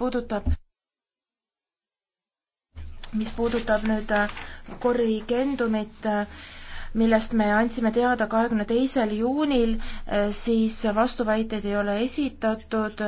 puudutab, mis puudutab nüüd äh, korrigendumit, äh, millest me andsime teada kahekümne teisel juunil, äh, siis vastuväiteid ei ole esitatud